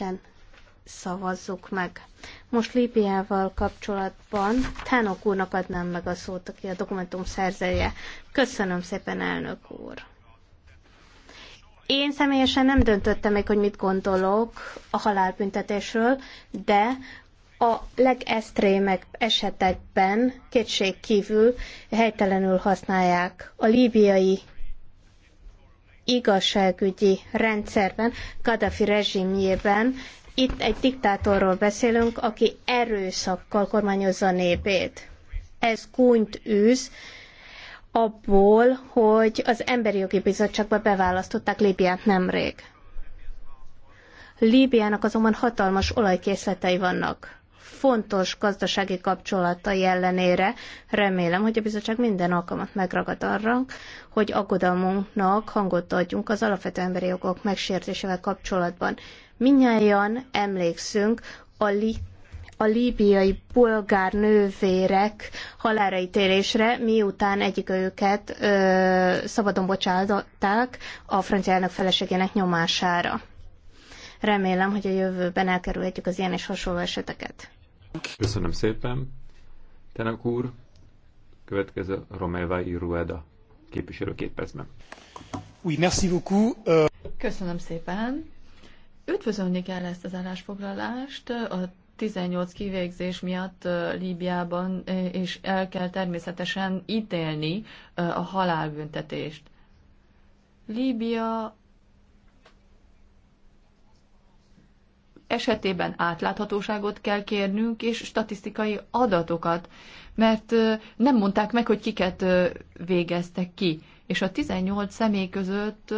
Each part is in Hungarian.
közösen szavazzuk meg. Most Líbiával kapcsolatban Tánok úrnak adnám meg a szót, aki a dokumentum szerzője. Köszönöm szépen, elnök úr! Én személyesen nem döntöttem még, hogy mit gondolok a halálbüntetésről, de a legesztrémek esetekben kétség kívül helytelenül használják a líbiai igazságügyi rendszerben, Gaddafi rezsimjében. Itt egy diktátorról beszélünk, aki erőszakkal kormányozza a népét. Ez gúnyt űz abból, hogy az Emberi Jogi Bizottságba beválasztották Líbiát nemrég. Líbiának azonban hatalmas olajkészletei vannak fontos gazdasági kapcsolatai ellenére remélem, hogy a bizottság minden alkalmat megragad arra, hogy aggodalmunknak hangot adjunk az alapvető emberi jogok megsértésével kapcsolatban. Minnyáján emlékszünk a li a líbiai polgár nővérek haláraítélésre, miután egyik őket ö, szabadon bocsátották a francia elnök feleségének nyomására. Remélem, hogy a jövőben elkerülhetjük az ilyen és hasonló eseteket. Köszönöm szépen. Tenek úr, következő Romelva Irueda képviselő két percben. Oui, merci beaucoup. Köszönöm szépen. Üdvözölni kell ezt az állásfoglalást. A 18 kivégzés miatt Líbiában, és el kell természetesen ítélni a halálbüntetést. Líbia esetében átláthatóságot kell kérnünk, és statisztikai adatokat, mert nem mondták meg, hogy kiket végeztek ki. És a 18 személy között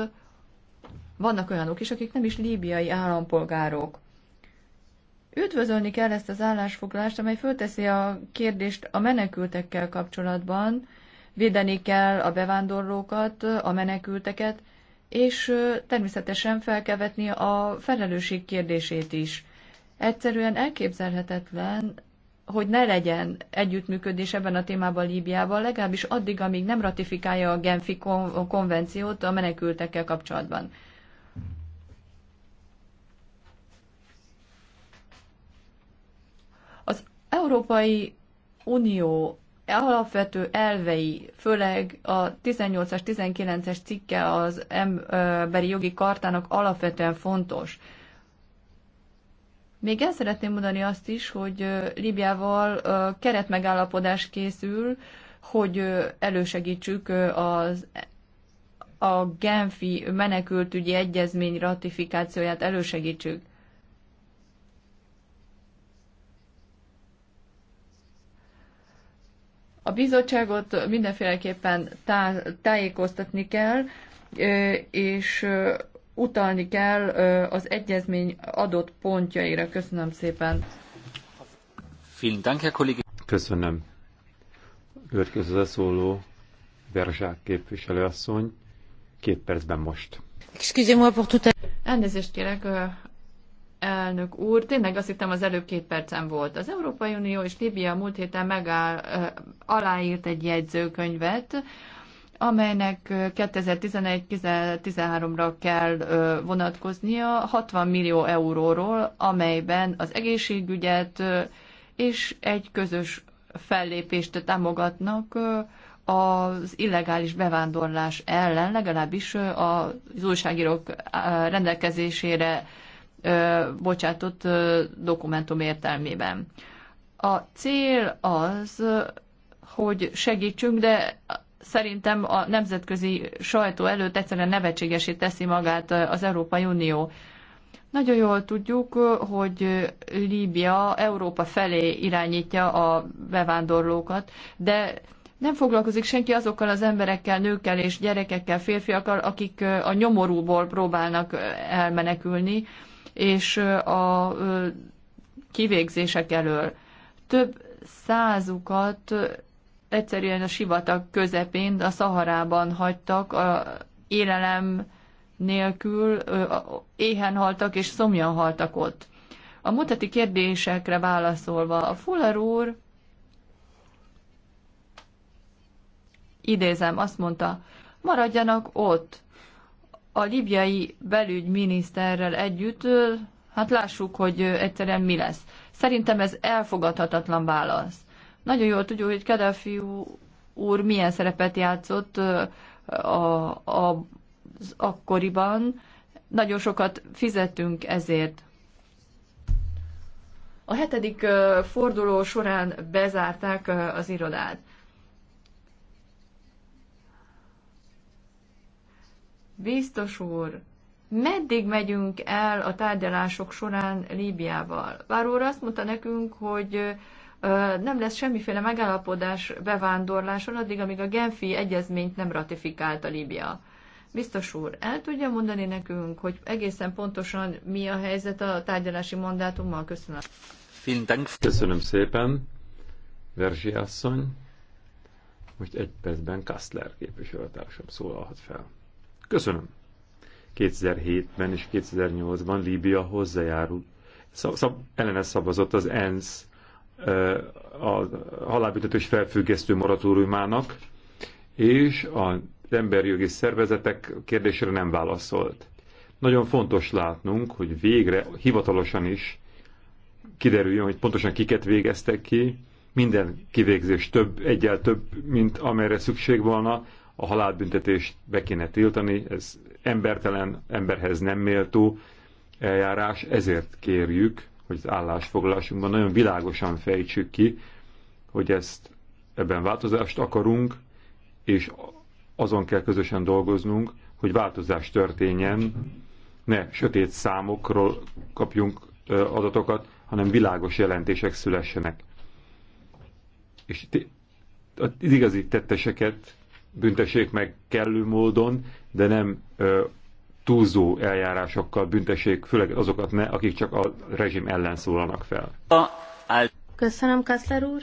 vannak olyanok is, akik nem is líbiai állampolgárok. Üdvözölni kell ezt az állásfoglalást, amely fölteszi a kérdést a menekültekkel kapcsolatban, védeni kell a bevándorlókat, a menekülteket, és természetesen fel kell vetni a felelősség kérdését is. Egyszerűen elképzelhetetlen, hogy ne legyen együttműködés ebben a témában Líbiával, legalábbis addig, amíg nem ratifikálja a Genfi konvenciót a menekültekkel kapcsolatban. Az Európai Unió alapvető elvei, főleg a 18-as, 19-es cikke az emberi jogi kartának alapvetően fontos. Még el szeretném mondani azt is, hogy Libiával keretmegállapodás készül, hogy elősegítsük az a Genfi menekültügyi egyezmény ratifikációját elősegítsük. A bizottságot mindenféleképpen tá- tájékoztatni kell, és utalni kell az egyezmény adott pontjaira. Köszönöm szépen. Köszönöm. Következő szóló Verzsák képviselőasszony, két percben most. Elnézést kérek, elnök úr, tényleg azt hittem az előbb két percem volt. Az Európai Unió és Líbia múlt héten megáll, aláírt egy jegyzőkönyvet, amelynek 2011-13-ra kell vonatkoznia 60 millió euróról, amelyben az egészségügyet és egy közös fellépést támogatnak az illegális bevándorlás ellen, legalábbis az újságírók rendelkezésére bocsátott dokumentum értelmében. A cél az, hogy segítsünk, de szerintem a nemzetközi sajtó előtt egyszerűen nevetségesé teszi magát az Európai Unió. Nagyon jól tudjuk, hogy Líbia Európa felé irányítja a bevándorlókat, de nem foglalkozik senki azokkal az emberekkel, nőkkel és gyerekekkel, férfiakkal, akik a nyomorúból próbálnak elmenekülni, és a kivégzések elől. Több százukat egyszerűen a sivatag közepén, a Szaharában hagytak, a élelem nélkül éhen haltak és szomjan haltak ott. A mutati kérdésekre válaszolva, a Fuller úr idézem, azt mondta, maradjanak ott, a libyai belügyminiszterrel együtt, hát lássuk, hogy egyszerűen mi lesz. Szerintem ez elfogadhatatlan válasz. Nagyon jól tudjuk, hogy Kadhafi úr milyen szerepet játszott a, a, az akkoriban. Nagyon sokat fizettünk ezért. A hetedik forduló során bezárták az irodát. Biztos úr, meddig megyünk el a tárgyalások során Líbiával? Bár úr azt mondta nekünk, hogy nem lesz semmiféle megállapodás bevándorláson addig, amíg a Genfi egyezményt nem ratifikálta Líbia. Biztos úr, el tudja mondani nekünk, hogy egészen pontosan mi a helyzet a tárgyalási mandátummal? Köszönöm. Köszönöm szépen, Verzsi asszony. Most egy percben Kastler képviselőtársam szólalhat fel. Köszönöm. 2007-ben és 2008-ban Líbia hozzájárul. Szab, szab, ellene szavazott az ENSZ a halálbüntetős felfüggesztő moratóriumának, és az jogi szervezetek kérdésére nem válaszolt. Nagyon fontos látnunk, hogy végre hivatalosan is kiderüljön, hogy pontosan kiket végeztek ki, minden kivégzés több, egyel több, mint amelyre szükség volna, a halálbüntetést be kéne tiltani, ez embertelen, emberhez nem méltó eljárás, ezért kérjük, hogy az állásfoglalásunkban nagyon világosan fejtsük ki, hogy ezt ebben változást akarunk, és azon kell közösen dolgoznunk, hogy változás történjen, ne sötét számokról kapjunk adatokat, hanem világos jelentések szülessenek. És az igazi tetteseket büntessék meg kellő módon, de nem ö, túlzó eljárásokkal büntessék, főleg azokat ne, akik csak a rezsim ellen szólalnak fel. Köszönöm, Kassler úr.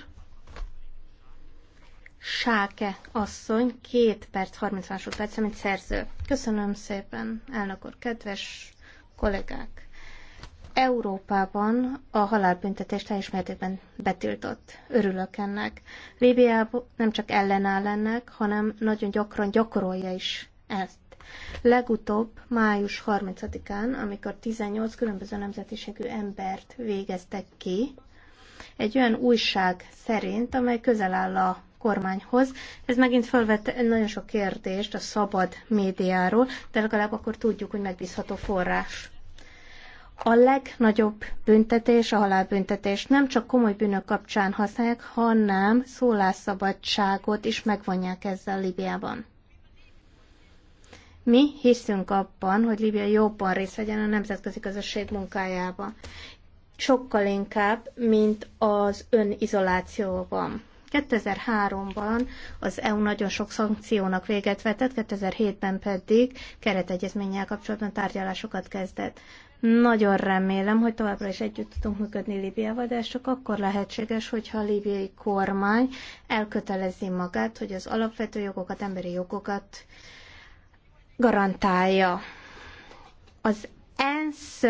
Sáke asszony, 2 perc 30 másodperc, amit szerző. Köszönöm szépen, elnök úr, kedves kollégák! Európában a halálbüntetést teljes mértékben betiltott. Örülök ennek. Líbiában nem csak ellenáll ennek, hanem nagyon gyakran gyakorolja is ezt. Legutóbb május 30-án, amikor 18 különböző nemzetiségű embert végeztek ki, egy olyan újság szerint, amely közel áll a kormányhoz. Ez megint felvett nagyon sok kérdést a szabad médiáról, de legalább akkor tudjuk, hogy megbízható forrás a legnagyobb büntetés a halálbüntetés. Nem csak komoly bűnök kapcsán használják, hanem szólásszabadságot is megvonják ezzel Libiában. Mi hiszünk abban, hogy Libia jobban részt vegyen a nemzetközi közösség munkájába. Sokkal inkább, mint az önizolációban. 2003-ban az EU nagyon sok szankciónak véget vetett, 2007-ben pedig keretegyezménnyel kapcsolatban tárgyalásokat kezdett. Nagyon remélem, hogy továbbra is együtt tudunk működni Líbiával, de ez csak akkor lehetséges, hogyha a líbiai kormány elkötelezi magát, hogy az alapvető jogokat, emberi jogokat garantálja. Az ENSZ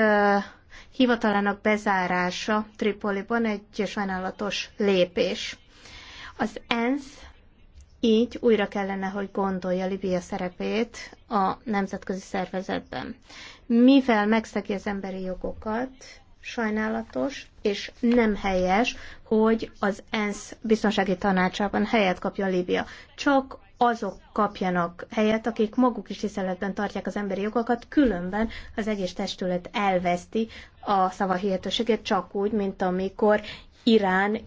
hivatalának bezárása Tripoliban egy sajnálatos lépés. Az ENSZ így újra kellene, hogy gondolja Libia szerepét a nemzetközi szervezetben mivel megszegi az emberi jogokat, sajnálatos és nem helyes, hogy az ENSZ biztonsági tanácsában helyet kapjon Líbia. Csak azok kapjanak helyet, akik maguk is tiszteletben tartják az emberi jogokat, különben az egész testület elveszti a szavahihetőséget, csak úgy, mint amikor Irán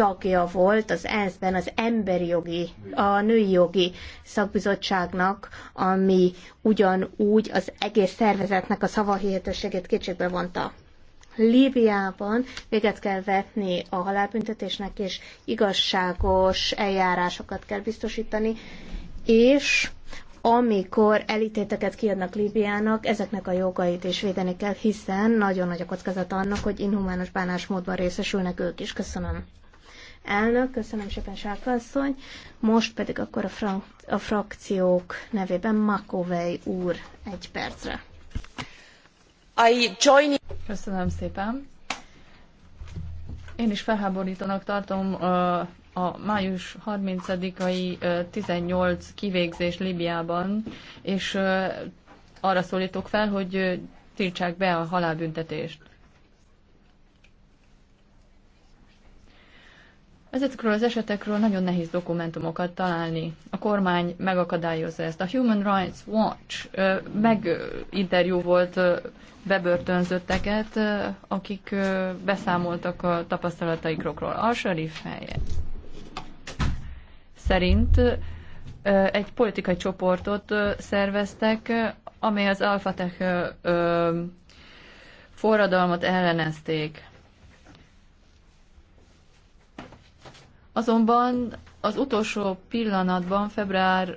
tagja volt az ENSZ-ben, az emberi jogi, a női jogi szakbizottságnak, ami ugyanúgy az egész szervezetnek a szavahihetőségét kétségbe vonta. Líbiában véget kell vetni a halálbüntetésnek, és igazságos eljárásokat kell biztosítani, és amikor elítéteket kiadnak Líbiának, ezeknek a jogait is védeni kell, hiszen nagyon nagy a kockázat annak, hogy inhumános bánásmódban részesülnek ők is. Köszönöm. Elnök, köszönöm szépen, Sárkasszony. Most pedig akkor a, frank, a frakciók nevében Makovej úr egy percre. I join... Köszönöm szépen. Én is felháborítónak tartom a május 30-ai 18 kivégzés Libiában, és arra szólítok fel, hogy tiltsák be a halálbüntetést. Ezekről az esetekről nagyon nehéz dokumentumokat találni. A kormány megakadályozza ezt. A Human Rights Watch meginterjú volt bebörtönzötteket, akik beszámoltak a tapasztalataikról. A Sharif helye szerint egy politikai csoportot szerveztek, amely az Alfatech forradalmat ellenezték. Azonban az utolsó pillanatban, február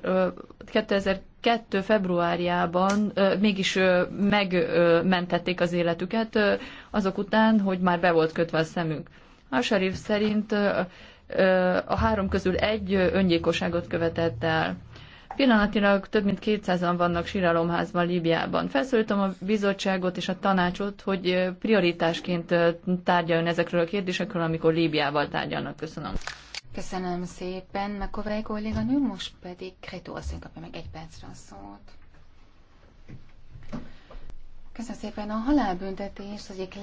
2002. februárjában mégis megmentették az életüket azok után, hogy már be volt kötve a szemünk. A sheriff szerint a három közül egy öngyilkosságot követett el. Pillanatilag több mint 200-an vannak síralomházban Líbiában. Felszólítom a bizottságot és a tanácsot, hogy prioritásként tárgyaljon ezekről a kérdésekről, amikor Líbiával tárgyalnak. Köszönöm. Köszönöm szépen, Makovej kolléganő, most pedig Kretó asszony kapja meg egy percre a szót. Köszönöm szépen. A halálbüntetés az egyik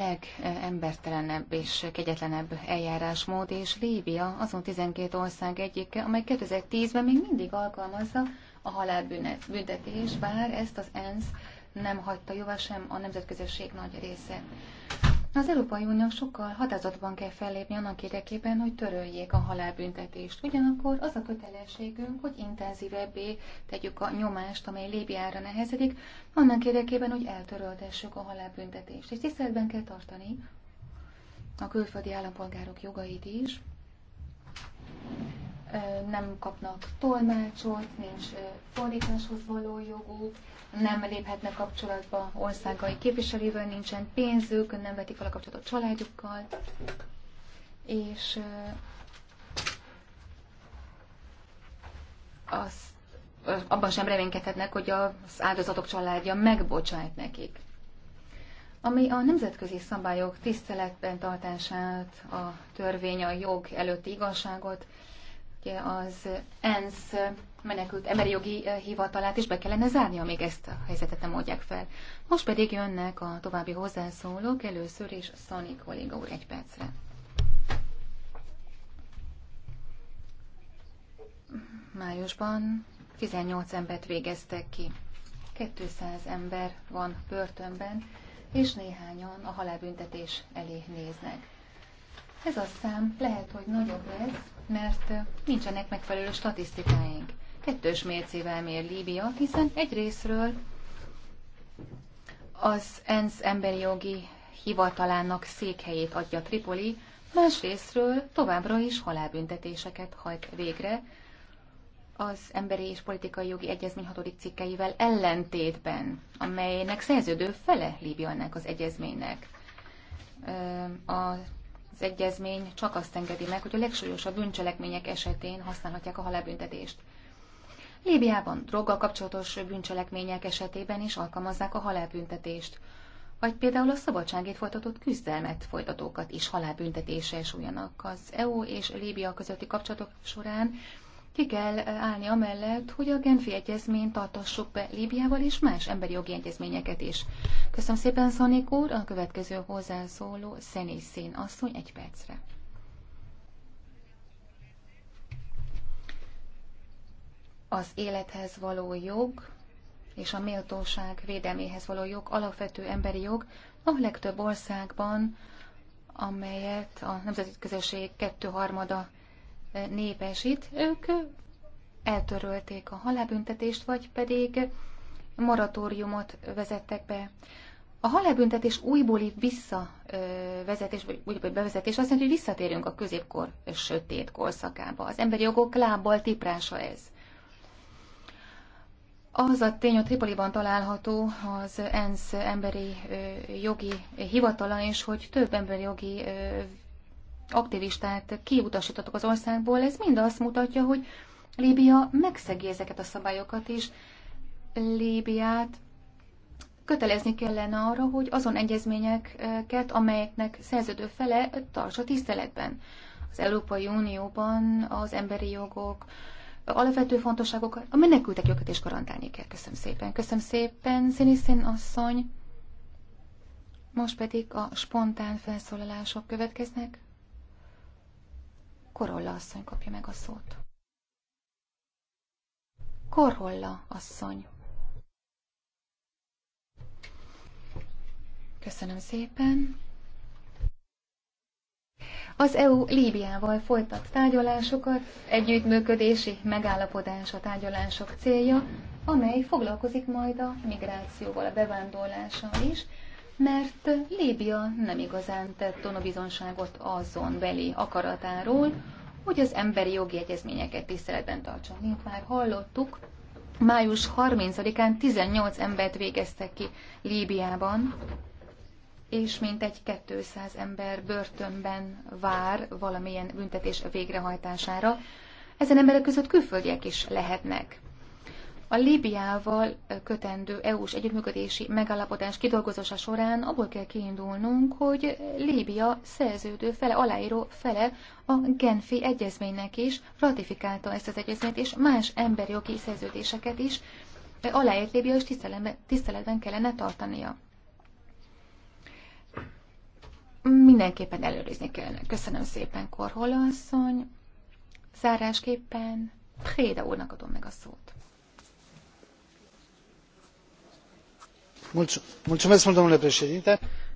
legembertelenebb és kegyetlenebb eljárásmód, és Líbia azon 12 ország egyike, amely 2010-ben még mindig alkalmazza a halálbüntetés, bár ezt az ENSZ nem hagyta jóvá sem a nemzetközösség nagy része. Az Európai Unió sokkal határozottabban kell fellépni annak érdekében, hogy töröljék a halálbüntetést. Ugyanakkor az a kötelességünk, hogy intenzívebbé tegyük a nyomást, amely Líbiára nehezedik, annak érdekében, hogy eltöröltessük a halálbüntetést. És tiszteletben kell tartani a külföldi állampolgárok jogait is, nem kapnak tolmácsot, nincs fordításhoz való joguk, nem léphetnek kapcsolatba országai képviselővel, nincsen pénzük, nem vetik fel a kapcsolatot családjukkal, és az, abban sem reménykedhetnek, hogy az áldozatok családja megbocsájt nekik. Ami a nemzetközi szabályok tiszteletben tartását, a törvény, a jog előtti igazságot, az ENSZ menekült emberi jogi eh, hivatalát is be kellene zárnia, még ezt a helyzetet nem oldják fel. Most pedig jönnek a további hozzászólók, először is Szani kolléga úr egy percre. Májusban 18 embert végeztek ki. 200 ember van börtönben, és néhányan a halálbüntetés elé néznek. Ez a szám lehet, hogy nagyobb lesz, mert nincsenek megfelelő statisztikáink. Kettős mércével mér Líbia, hiszen egy részről az ENSZ emberi jogi hivatalának székhelyét adja Tripoli, másrésztről továbbra is halálbüntetéseket hajt végre az emberi és politikai jogi egyezmény hatodik cikkeivel ellentétben, amelynek szerződő fele Líbiának az egyezménynek. A az egyezmény csak azt engedi meg, hogy a legsúlyosabb bűncselekmények esetén használhatják a halálbüntetést. Líbiában droggal kapcsolatos bűncselekmények esetében is alkalmazzák a halálbüntetést, vagy például a szabadságét folytatott küzdelmet folytatókat is halálbüntetése súlyanak. Az EU és Líbia közötti kapcsolatok során ki kell eh, állni amellett, hogy a Genfi Egyezményt tartassuk be Líbiával és más emberi jogi egyezményeket is. Köszönöm szépen, Szanik úr, a következő hozzászóló Szenészén asszony egy percre. Az élethez való jog és a méltóság védelméhez való jog alapvető emberi jog a legtöbb országban, amelyet a nemzeti közösség kettőharmada népesít, ők eltörölték a halálbüntetést, vagy pedig moratóriumot vezettek be. A halálbüntetés újbóli visszavezetés, vagy újbóli bevezetés azt jelenti, hogy visszatérünk a középkor sötét korszakába. Az emberi jogok lábbal tiprása ez. Az a tény, hogy Tripoliban található az ENSZ emberi jogi hivatala és hogy több emberi jogi aktivistát kiutasítottak az országból, ez mind azt mutatja, hogy Líbia megszegi ezeket a szabályokat, és Líbiát kötelezni kellene arra, hogy azon egyezményeket, amelyeknek szerződő fele tartsa tiszteletben. Az Európai Unióban az emberi jogok, alapvető fontosságokat, a menekültek jogokat is garantálni kell. Köszönöm szépen. Köszönöm szépen, Sziniszén asszony. Most pedig a spontán felszólalások következnek. Korolla asszony kapja meg a szót. Korolla asszony. Köszönöm szépen. Az EU Líbiával folytat tárgyalásokat, együttműködési megállapodás a tárgyalások célja, amely foglalkozik majd a migrációval, a bevándorlással is, mert Lébia nem igazán tett tonobizonságot azon beli akaratáról, hogy az emberi jogi egyezményeket tiszteletben tartson. Mint már hallottuk, május 30-án 18 embert végeztek ki Líbiában, és mintegy 200 ember börtönben vár valamilyen büntetés végrehajtására. Ezen emberek között külföldiek is lehetnek. A Líbiával kötendő EU-s együttműködési megállapodás kidolgozása során abból kell kiindulnunk, hogy Líbia szerződő fele, aláíró fele a Genfi egyezménynek is ratifikálta ezt az egyezményt, és más emberi jogi szerződéseket is aláírt Líbia, is tiszteletben kellene tartania. Mindenképpen előrizni kellene. Köszönöm szépen, Korhola asszony. Zárásképpen Préda úrnak adom meg a szót.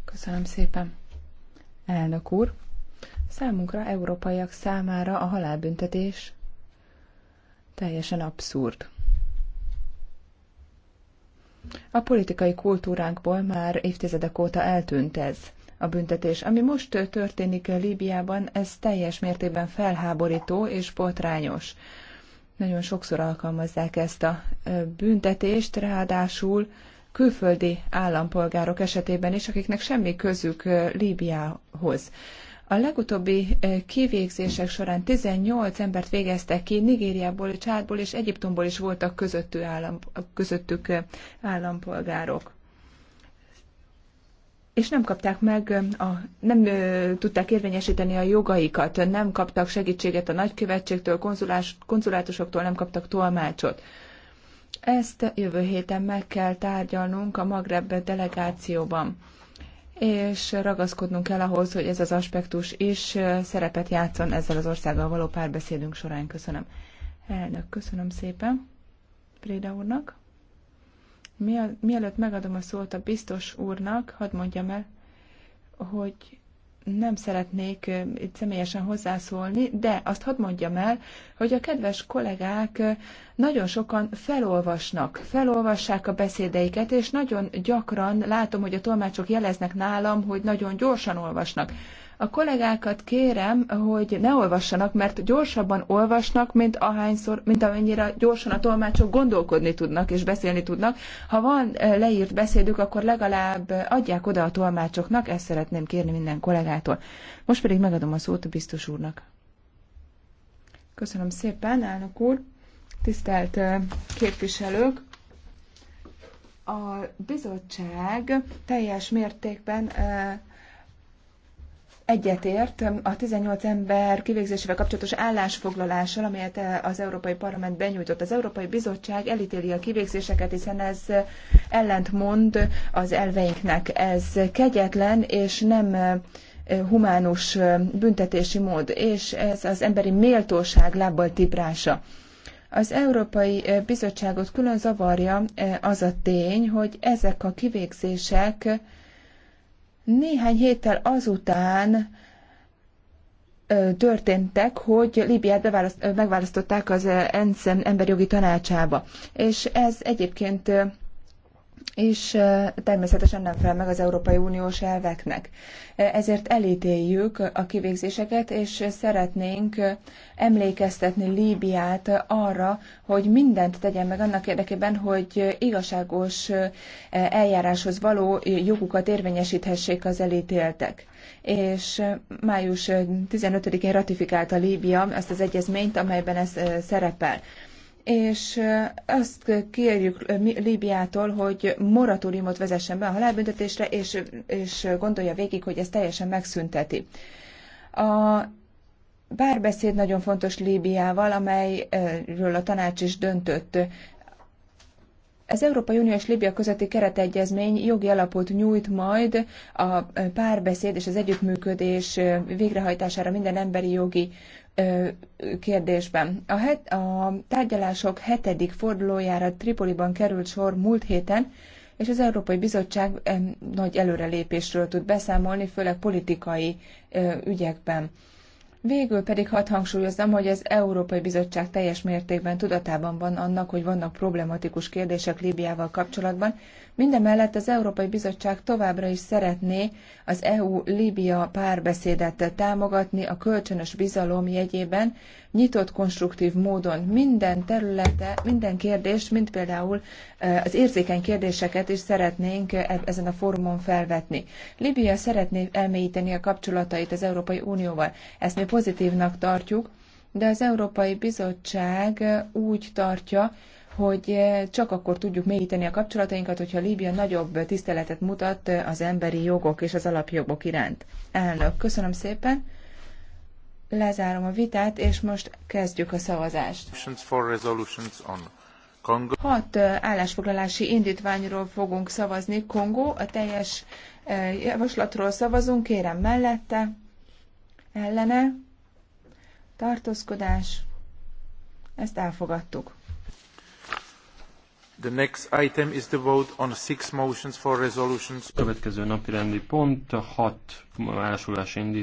Köszönöm szépen. Elnök úr, számunkra, európaiak számára a halálbüntetés teljesen abszurd. A politikai kultúránkból már évtizedek óta eltűnt ez a büntetés. Ami most történik Líbiában, ez teljes mértékben felháborító és botrányos. Nagyon sokszor alkalmazzák ezt a büntetést, ráadásul külföldi állampolgárok esetében is, akiknek semmi közük Líbiához. A legutóbbi kivégzések során 18 embert végeztek ki, Nigériából, Csádból és Egyiptomból is voltak közöttük, állampolgárok. És nem kapták meg, a, nem ö, tudták érvényesíteni a jogaikat, nem kaptak segítséget a nagykövetségtől, konzulás, konzulátusoktól, nem kaptak tolmácsot. Ezt jövő héten meg kell tárgyalnunk a Magreb delegációban, és ragaszkodnunk kell ahhoz, hogy ez az aspektus is szerepet játszon ezzel az országgal való párbeszédünk során. Köszönöm. Elnök, köszönöm szépen Préda úrnak. Mielőtt megadom a szót a biztos úrnak, hadd mondjam el, hogy nem szeretnék itt személyesen hozzászólni, de azt hadd mondjam el, hogy a kedves kollégák nagyon sokan felolvasnak, felolvassák a beszédeiket, és nagyon gyakran látom, hogy a tolmácsok jeleznek nálam, hogy nagyon gyorsan olvasnak. A kollégákat kérem, hogy ne olvassanak, mert gyorsabban olvasnak, mint ahányszor, mint amennyire gyorsan a tolmácsok gondolkodni tudnak és beszélni tudnak. Ha van eh, leírt beszédük, akkor legalább adják oda a tolmácsoknak, ezt szeretném kérni minden kollégától. Most pedig megadom a szót a biztos úrnak. Köszönöm szépen, elnök úr, tisztelt eh, képviselők! A bizottság teljes mértékben eh, egyetért a 18 ember kivégzésével kapcsolatos állásfoglalással, amelyet eh, az Európai Parlament benyújtott. Az Európai Bizottság elítéli a kivégzéseket, hiszen ez ellentmond az elveinknek. Ez kegyetlen és nem eh, humánus eh, büntetési mód, és ez az emberi méltóság lábbal tiprása. Az Európai Bizottságot külön zavarja az a tény, hogy ezek a kivégzések néhány héttel azután történtek, hogy Líbiát megválasztották az ENSZ emberjogi tanácsába. És ez egyébként és természetesen nem fel meg az Európai Uniós elveknek. Ezért elítéljük a kivégzéseket, és szeretnénk emlékeztetni Líbiát arra, hogy mindent tegyen meg annak érdekében, hogy igazságos eljáráshoz való jogukat érvényesíthessék az elítéltek. És május 15-én ratifikálta Líbia azt az egyezményt, amelyben ez szerepel és azt kérjük Líbiától, hogy moratóriumot vezessen be a halálbüntetésre, és, és gondolja végig, hogy ez teljesen megszünteti. A párbeszéd nagyon fontos Líbiával, amelyről a tanács is döntött. Az Európai Unió és Líbia közötti keretegyezmény jogi alapot nyújt majd a párbeszéd és az együttműködés végrehajtására minden emberi jogi kérdésben. A, het, a tárgyalások hetedik fordulójára Tripoliban került sor múlt héten, és az Európai Bizottság nagy előrelépésről tud beszámolni, főleg politikai ügyekben. Végül pedig hadd hangsúlyozom, hogy az Európai Bizottság teljes mértékben tudatában van annak, hogy vannak problematikus kérdések Líbiával kapcsolatban, Mindemellett az Európai Bizottság továbbra is szeretné az EU-Libia párbeszédet támogatni a kölcsönös bizalom jegyében, nyitott, konstruktív módon minden területe, minden kérdést, mint például az érzékeny kérdéseket is szeretnénk ezen a fórumon felvetni. Libia szeretné elmélyíteni a kapcsolatait az Európai Unióval. Ezt mi pozitívnak tartjuk, de az Európai Bizottság úgy tartja, hogy eh, csak akkor tudjuk mélyíteni a kapcsolatainkat, hogyha Líbia nagyobb tiszteletet mutat eh, az emberi jogok és az alapjogok iránt. Elnök, köszönöm szépen. Lezárom a vitát, és most kezdjük a szavazást. Hat eh, állásfoglalási indítványról fogunk szavazni. Kongó, a teljes javaslatról szavazunk, kérem mellette, ellene, tartózkodás, ezt elfogadtuk. The Következő napirendi pont, hat állásolás indít.